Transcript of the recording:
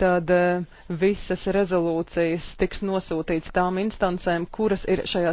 tad eh, visas rezolūcijas tiks nosūtītas tām instancēm kuras ir šajā